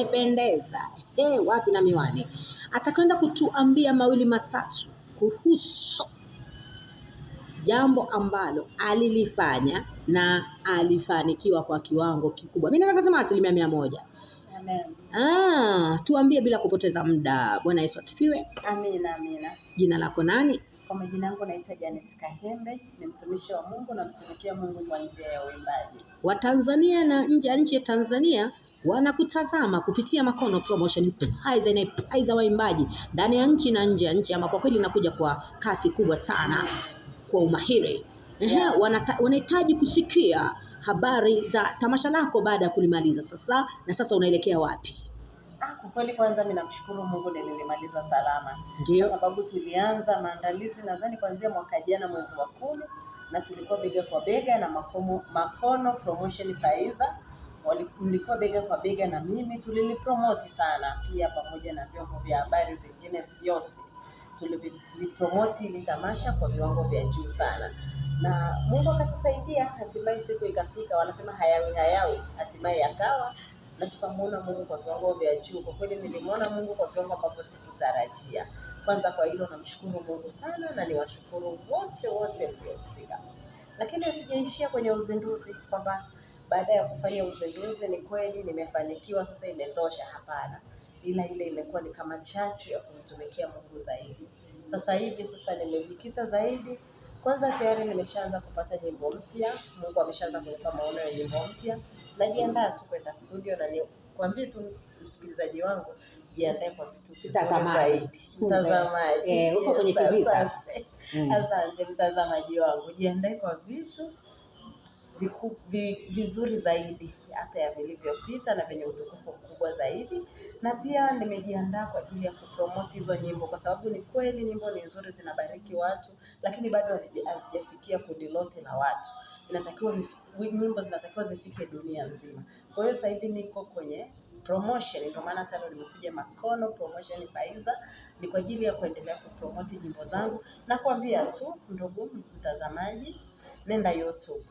amependeza. Hey, wapi na miwani, atakwenda kutuambia mawili matatu kuhusu jambo ambalo alilifanya na alifanikiwa kwa kiwango kikubwa. Mimi nataka kusema asilimia mia moja. Amen. Ah, tuambie bila kupoteza muda. Bwana Yesu asifiwe. Amina, amina. Jina lako nani? Kwa majina yangu naitwa Janet Kahembe, ni mtumishi wa Mungu na mtumikia Mungu kwa njia ya uimbaji. Watanzania na nje ya nchi ya Tanzania wanakutazama kupitia Makono Promotion, paiza inaipaiza waimbaji ndani ya nchi na nje ya nchi, ama kwa kweli inakuja kwa kasi kubwa sana kwa umahiri. Ehe, wanahitaji kusikia habari za tamasha lako baada ya kulimaliza sasa, na sasa unaelekea wapi? Ah, kwa kweli kwanza mimi namshukuru Mungu nilimaliza salama, kwa sababu tulianza maandalizi nadhani kuanzia mwaka jana mwezi wa kumi, na tulikuwa bega kwa bega na Makono Promotion Paiza mlikuwa bega kwa bega na mimi, tulilipromoti sana pia, pamoja na vyombo vya habari vingine vyote tulivipromoti ili tamasha kwa viwango vya juu sana, na Mungu akatusaidia. Hatimaye siku ikafika, wanasema hayawi hayawi, hatimaye yakawa, na tukamwona Mungu kwa viwango vya juu. Kwa kweli nilimwona Mungu kwa viwango ambavyo sikutarajia. Kwanza kwa hilo namshukuru Mungu sana, na niwashukuru wote wote mliofika. Lakini hatujaishia kwenye uzinduzi kwamba baada ya kufanya uzinduzi, ni kweli nimefanikiwa, sasa imetosha? Hapana, ila ile imekuwa ni kama chachu ya kumtumikia Mungu zaidi. Sasa hivi sasa nimejikita zaidi kwanza tayari nimeshaanza kupata nyimbo mpya, Mungu ameshaanza kunipa maono ya nyimbo mpya. Najiandaa tu kwenda studio, na nikwambie tu msikilizaji wangu, jiandae kwa vitu zaidi. Mtazamaji, eh, uko kwenye mm. Asante mtazamaji wangu, jiandae kwa vitu vizuri zaidi hata ya vilivyopita na venye utukufu mkubwa zaidi na pia nimejiandaa kwa ajili ya kupromoti hizo nyimbo kwa sababu ni kweli nyimbo ni nzuri zinabariki watu lakini bado hazijafikia kundi lote la watu inatakiwa nyimbo zinatakiwa zifike dunia nzima kwa hiyo sasa hivi niko kwenye promotion ndio maana hata leo nimekuja Makono Promotion Faiza ni kwa ajili ya kuendelea kupromoti nyimbo zangu na kuambia tu ndugu mtazamaji nenda YouTube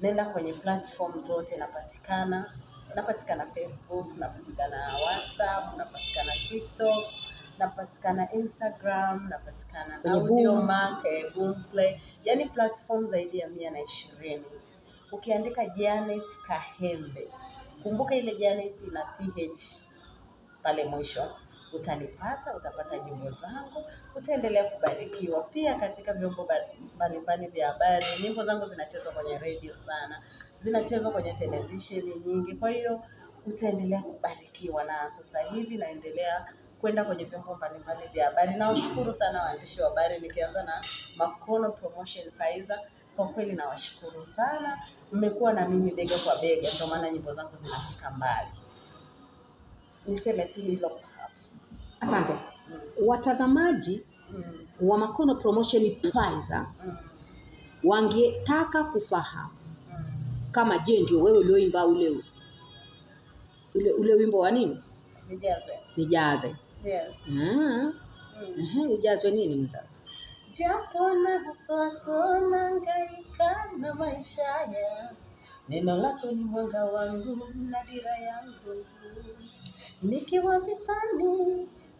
nenda kwenye platform zote napatikana, napatikana Facebook, napatikana WhatsApp, napatikana TikTok, napatikana Instagram, napatikana Audiomack, Boomplay, eh, yani platform zaidi ya mia na ishirini. Ukiandika Janet Kahembe, kumbuka ile Janet ina th pale mwisho utanipata, utapata nyimbo zangu, utaendelea kubarikiwa. Pia katika vyombo mbalimbali vya habari, nyimbo zangu zinachezwa kwenye redio sana, zinachezwa kwenye televisheni nyingi, kwa hiyo utaendelea kubarikiwa. Na sasa hivi naendelea kwenda kwenye vyombo mbalimbali vya habari. Nawashukuru sana waandishi wa habari, nikianza na Makono Promotion Faiza kwa kweli nawashukuru sana, mmekuwa na mimi bega kwa bega, ndio maana nyimbo zangu zinafika mbali. Niseme tu hilo. Asante mm. watazamaji mm. wa Makono Promotion Prize mm. wangetaka kufahamu kama je, ndio wewe ulioimba ule ule ule wimbo wa nini, nijaze nijaze. Yes. Ah. Mm. Uh-huh. Ujazwe nini mzao? Japo na haswaswa ngaika na maisha ya neno lako ni mwanga wangu na dira yangu, nikiwa vitani